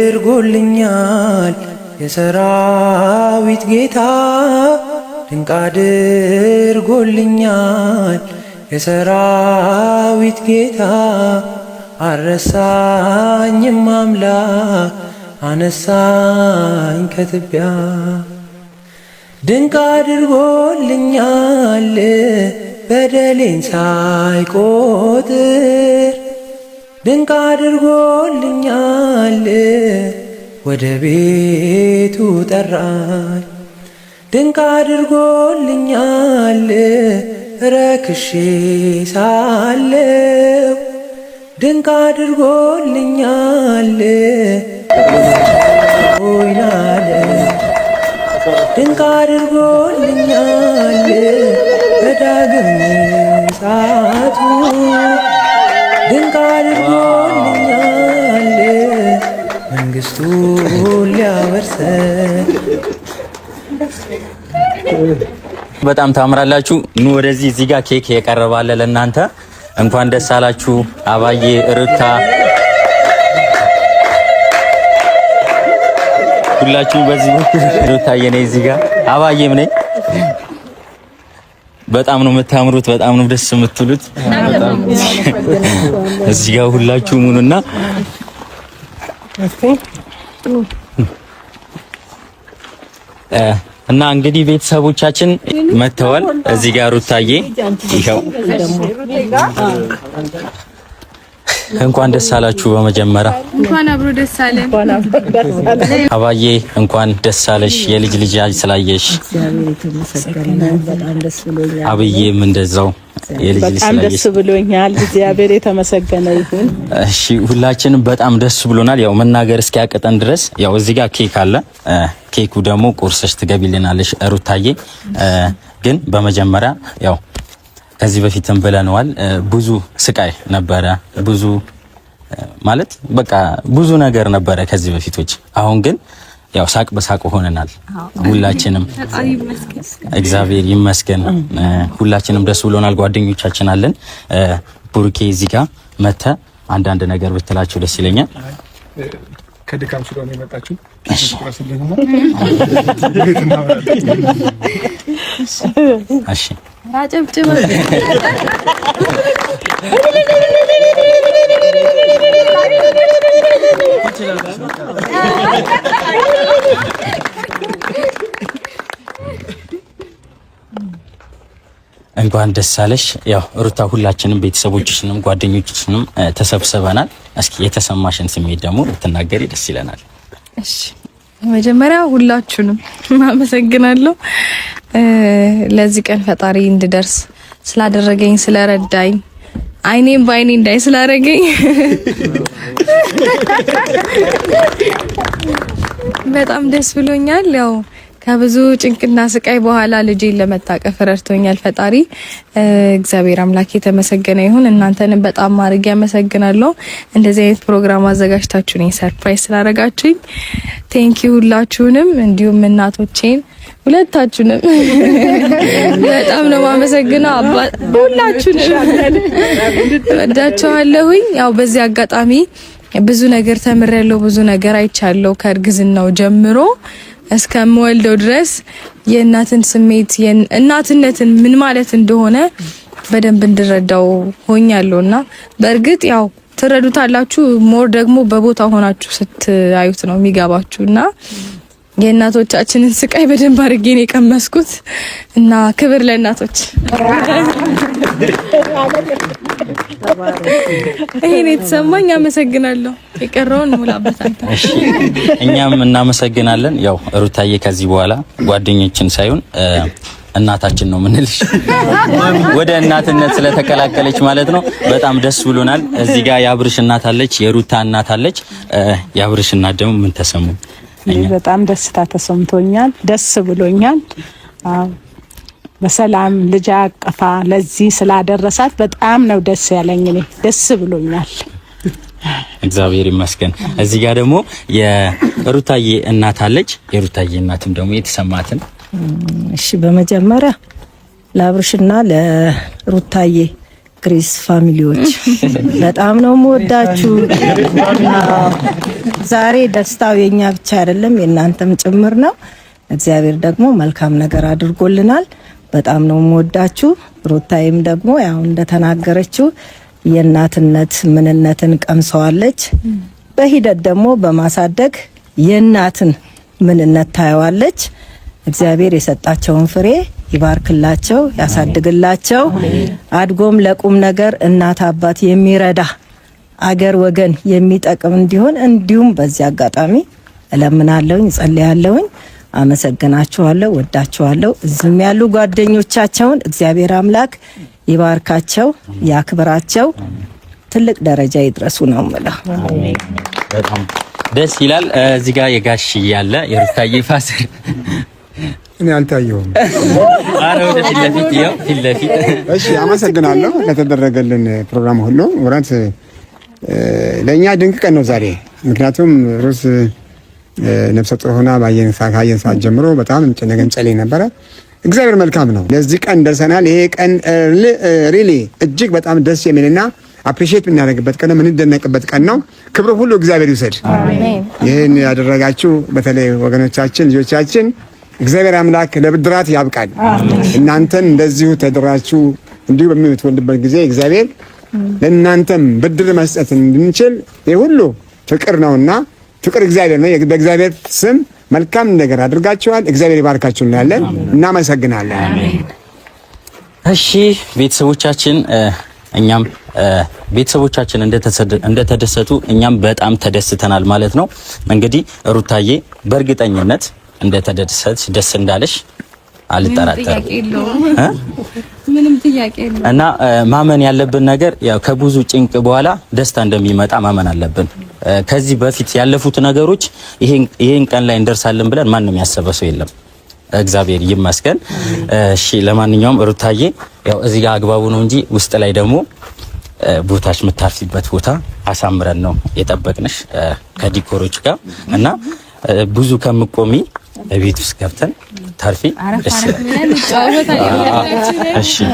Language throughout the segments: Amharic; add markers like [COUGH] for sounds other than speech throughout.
እርጎልኛል የሰራዊት ጌታ ድንቅ አድርጎልኛል የሰራዊት ጌታ አረሳኝም አምላክ አነሳኝ ከትቢያ ድንቅ አድርጎልኛል በደሌን ሳይቆጥር ድንቅ አድርጎልኛል ወደ ቤቱ ጠራኝ ድንቅ አድርጎልኛል ረክሼ ሳለው ድንቅ አድርጎልኛል ይናለ ድንቅ አድርጎልኛል በዳግም ሳቱ መንግስቱ ሊያወርሰን በጣም ታምራላችሁ። ኑ ወደዚህ። እዚህ ጋር ኬክ የቀረባለ ለእናንተ እንኳን ደስ አላችሁ። አባዬ ርታ፣ ሁላችሁ በዚህ ርታ። የኔ እዚህ ጋር አባዬም ነኝ። በጣም ነው የምታምሩት። በጣም ነው ደስ የምትሉት። እዚህ ጋር ሁላችሁም ሁኑና እና እንግዲህ ቤተሰቦቻችን መተዋል። እዚህ ጋር ሩታዬ ይኸው እንኳን ደስ አላችሁ። በመጀመሪያ እንኳን አብሮ ደስ አለ አባዬ እንኳን ደስ አለሽ፣ የልጅ ልጅ ስላየሽ። አብዬም እንደዛው በጣም ደስ ብሎኛል። እግዚአብሔር የተመሰገነ ይሁን። እሺ ሁላችንም በጣም ደስ ብሎናል። ያው መናገር እስኪያቅጠን ድረስ ያው እዚህ ጋር ኬክ አለ። ኬኩ ደግሞ ቁርስሽ ትገቢልናለሽ ሩታዬ። ግን በመጀመሪያ ያው ከዚህ በፊትም ብለነዋል፣ ብዙ ስቃይ ነበረ፣ ብዙ ማለት በቃ ብዙ ነገር ነበረ ከዚህ በፊቶች አሁን ግን ያው ሳቅ በሳቅ ሆነናል። ሁላችንም እግዚአብሔር ይመስገን፣ ሁላችንም ደስ ብሎናል። ጓደኞቻችን አለን። ቡርኬ እዚህ ጋር መተ አንዳንድ ነገር ብትላችሁ ደስ ይለኛል። ከድካም ስለሆነ የመጣችሁ አጨብጭበ [LAUGHS] እንኳን ደስ አለሽ። ያው ሩታ ሁላችንም ቤተሰቦችሽንም ጓደኞችሽንም ተሰብስበናል። እስኪ የተሰማሽን ስሜት ደግሞ ብትናገሪ ደስ ይለናል። እሺ መጀመሪያ ሁላችሁንም አመሰግናለሁ ለዚህ ቀን ፈጣሪ እንድደርስ ስላደረገኝ ስለረዳኝ አይኔም በአይኔ እንዳይ ስላደረገኝ በጣም ደስ ብሎኛል። ያው ከብዙ ጭንቅና ስቃይ በኋላ ልጄን ለመታቀፍ ረድቶኛል ፈጣሪ እግዚአብሔር አምላክ የተመሰገነ ይሁን። እናንተንም በጣም ማድረግ ያመሰግናለሁ። እንደዚህ አይነት ፕሮግራም አዘጋጅታችሁ ነኝ ሰርፕራይዝ ስላደረጋችሁኝ ቴንኪ ሁላችሁንም፣ እንዲሁም እናቶቼን ሁለታችሁንም [LAUGHS] በጣም ነው ማመሰግነው። አባ ሁላችሁንም ወዳችኋለሁኝ። ያው በዚህ አጋጣሚ ብዙ ነገር ተምሬያለሁ፣ ብዙ ነገር አይቻለሁ ከእርግዝናው ጀምሮ እስከምወልደው ድረስ የእናትን ስሜት እናትነትን ምን ማለት እንደሆነ በደንብ እንድረዳው ሆኛለሁ እና በእርግጥ ያው ትረዱታላችሁ ሞር ደግሞ በቦታ ሆናችሁ ስትአዩት ነው የሚገባችሁ እና የእናቶቻችንን ስቃይ በደንብ አድርጌ ነው የቀመስኩት እና ክብር ለእናቶች። ይሄን የተሰማኝ አመሰግናለሁ። የቀረውን ሙላበት እኛም እናመሰግናለን። ያው ሩታዬ ከዚህ በኋላ ጓደኞችን ሳይሆን እናታችን ነው ምንልሽ። ወደ እናትነት ስለተቀላቀለች ማለት ነው። በጣም ደስ ብሎናል። እዚህ ጋር የአብርሽ እናት አለች፣ የሩታ እናት አለች። የአብርሽ እናት ደግሞ ምን ተሰሙ? በጣም ደስታ ተሰምቶኛል፣ ደስ ብሎኛል። በሰላም ልጅ አቀፋ ለዚህ ስላደረሳት በጣም ነው ደስ ያለኝ። እኔ ደስ ብሎኛል። እግዚአብሔር ይመስገን። እዚህ ጋር ደግሞ የሩታዬ እናት አለች። የሩታዬ እናትም ደግሞ የተሰማትን እሺ፣ በመጀመሪያ ለአብርሽና ለሩታዬ ክሪስ ፋሚሊዎች በጣም ነው የምወዳችሁ። ዛሬ ደስታው የኛ ብቻ አይደለም የእናንተም ጭምር ነው። እግዚአብሔር ደግሞ መልካም ነገር አድርጎልናል። በጣም ነው የምወዳችሁ። ሩታይም ደግሞ ያው እንደተናገረችው የእናትነት ምንነትን ቀምሰዋለች። በሂደት ደግሞ በማሳደግ የእናትን ምንነት ታየዋለች። እግዚአብሔር የሰጣቸውን ፍሬ ይባርክላቸው፣ ያሳድግላቸው። አድጎም ለቁም ነገር እናት አባት የሚረዳ አገር ወገን የሚጠቅም እንዲሆን እንዲሁም በዚህ አጋጣሚ እለምናለሁኝ፣ እጸልያለሁኝ። አመሰግናችኋለሁ፣ ወዳችኋለሁ። እዚህም ያሉ ጓደኞቻቸውን እግዚአብሔር አምላክ ይባርካቸው፣ ያክብራቸው፣ ትልቅ ደረጃ ይድረሱ ነው የምለው። በጣም ደስ ይላል። እዚህ ጋር የጋሽ እያለ የሩታዬ ፋሲል እኔ አልታየሁም። አረ ወደ እሺ አመሰግናለሁ ከተደረገልን ፕሮግራም ሁሉ። ወራት ለእኛ ድንቅ ቀን ነው ዛሬ፣ ምክንያቱም ሩስ ነፍሰ ጡር ሆና ባየን ሰዓት ጀምሮ በጣም ጨነገን ጨሌ ነበረ። እግዚአብሔር መልካም ነው። ለዚህ ቀን ደርሰናል። ይሄ ቀን ሪሊ እጅግ በጣም ደስ የሚልና አፕሪሼት የምናደርግበት ቀን ነው፣ የምንደነቅበት ቀን ነው። ክብሩ ሁሉ እግዚአብሔር ይውሰድ። ይህን ያደረጋችሁ በተለይ ወገኖቻችን ልጆቻችን እግዚአብሔር አምላክ ለብድራት ያብቃል። እናንተን እንደዚሁ ተድራችሁ እንዲሁ በምትወልድበት ጊዜ እግዚአብሔር ለእናንተም ብድር መስጠት እንድንችል ይህ ሁሉ ፍቅር ነውና ፍቅር እግዚአብሔር ነው። በእግዚአብሔር ስም መልካም ነገር አድርጋችኋል። እግዚአብሔር ይባርካችሁ እንላለን። እናመሰግናለን። እሺ ቤተሰቦቻችን እኛም ቤተሰቦቻችን እንደተደሰቱ እኛም በጣም ተደስተናል ማለት ነው። እንግዲህ ሩታዬ በእርግጠኝነት እንደተደሰች ደስ እንዳለሽ አልጠራጠርም። ምንም ጥያቄ የለውም። እና ማመን ያለብን ነገር ያው ከብዙ ጭንቅ በኋላ ደስታ እንደሚመጣ ማመን አለብን። ከዚህ በፊት ያለፉት ነገሮች ይሄን ቀን ላይ እንደርሳለን ብለን ማንም ያሰበ ሰው የለም። እግዚአብሔር ይመስገን። እሺ፣ ለማንኛውም ሩታዬ ያው እዚህ ጋር አግባቡ ነው እንጂ ውስጥ ላይ ደግሞ ቦታሽ የምታርፊበት ቦታ አሳምረን ነው የጠበቅንሽ ከዲኮሮች ጋር እና ብዙ ከምቆሚ ቤት ውስጥ ገብተን ታርፊ እሺ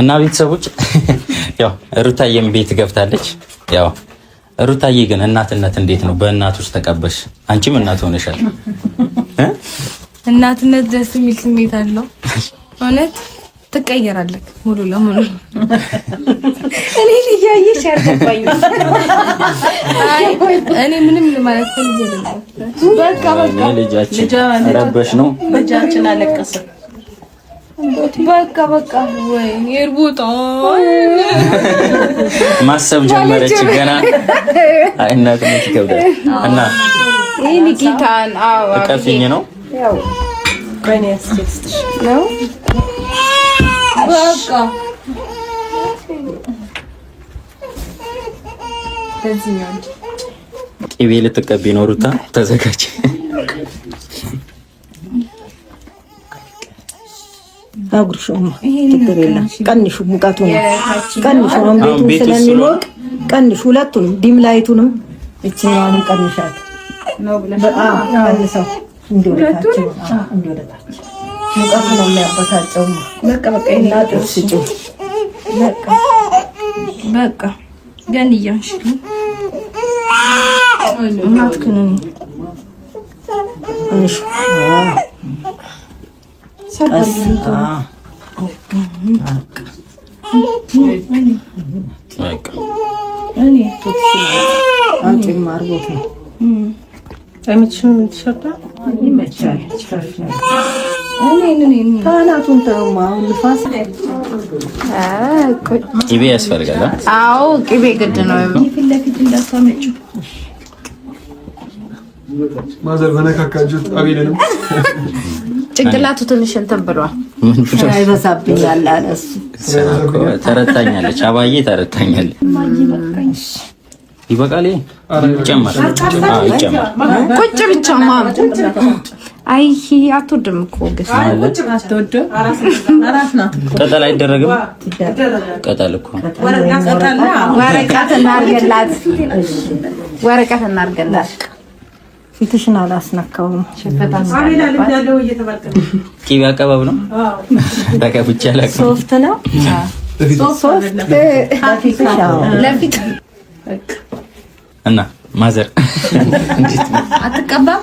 እና ቤተሰቦች ያው ሩታዬም ቤት ገብታለች። ያው ሩታዬ ግን እናትነት እንዴት ነው? በእናት ውስጥ ተቀበሽ፣ አንቺም እናት ሆነሻል። እናትነት ደስ የሚል ስሜት አለው እውነት ትቀየራለህ ሙሉ ለሙሉ። [LAUGHS] እኔ ልያየሽ ያልገባኝ [LAUGHS] እኔ ምንም ማለት ልጃችን ረበሽ ነው ልጃችን አለቀሰ። በቃ በቃ ወይ የርቡጣ ማሰብ ጀመረች። ገና አይናት ነው እና ይሄን ጌታን አዎ ነው ያው ነው ቅቤ ልትቀቢ ነው ሩታ፣ ተዘጋጅ። አጉርሽውማ ችግር ቀንሹ፣ ነው ቤቱ ስለሚሞቅ ቀንሹ። ሁለቱንም ዲም ላይቱንም እችኛዋንም ቀንሻት። በጣም ቀንሰው እንዲወደታቸው ሙቀቱ ነው የሚያበሳጨው። በቃ በቃ እናጥብ ስጩ። በቃ በቃ ገን እያንሽሉ እናትክንን ማርቦት ነው ቅቤ ያስፈልጋል። አዎ ቅቤ ግድ ነው። ማዘር በነካካችሁት አቤልንም ጭንቅላቱ ትንሽ እንትን ብሏል። ይበዛብኛል አለ እሱ። ተረታኛለች፣ አባዬ ተረታኛለች። ይበቃል። ይጨመር ቁጭ ብቻ ማም አይ አትወድም እኮ ቅጠል አይደረግም። ቅጠል እኮ ወረቀት እናርገላት፣ ወረቀት እናርገላት። ፊትሽን አላስነካውም። ቂቤ አቀባብ ነው ተቀብቼ አላውቅም። ሶፍት ነው እና ማዘር አትቀባም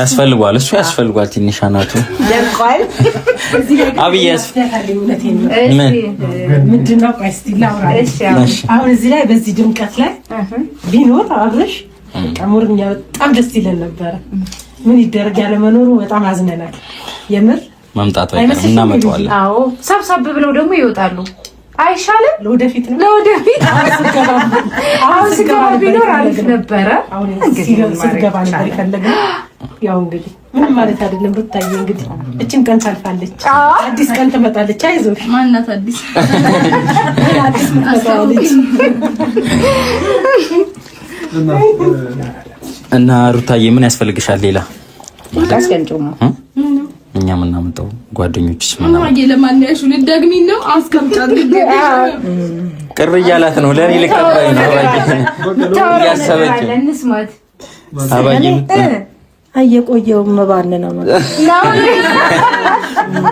ያስፈልጓል፣ እሱ ያስፈልጓል። ትንሽ አናቱ ደቋል። አብዬ ምንድነው? ቆይ እስኪ ላውራ። አሁን እዚህ ላይ በዚህ ድምቀት ላይ ቢኖር አብረሽ ቀሙር እኛ በጣም ደስ ይለን ነበረ። ምን ይደረግ ያለመኖሩ በጣም አዝነናል። የምር መምጣት አይቀርም፣ እናመጣዋለን። አዎ ሰብሰብ ብለው ደግሞ ይወጣሉ። አይሻልም? ለወደፊት ነው ለወደፊት። አሁን ስገባ ቢኖር አሪፍ ነበረ። ስገባ ነበር ፈለገ። ያው እንግዲህ ምንም ማለት አይደለም። ብታየ እንግዲህ እችን ቀን ታልፋለች፣ አዲስ ቀን ትመጣለች። አይዞ ማናት አዲስ አዲስ ምትመጣለች እና ሩታዬ ምን ያስፈልግሻል ሌላ እኛ የምናመጣው ጓደኞችሽ ነው። አስቀምጫት [LAUGHS] ቅር እያላት ነው። ለኔ ልቀባይ ነው እያሰበች አባዬ አየቆየው መባን ነው [LAUGHS]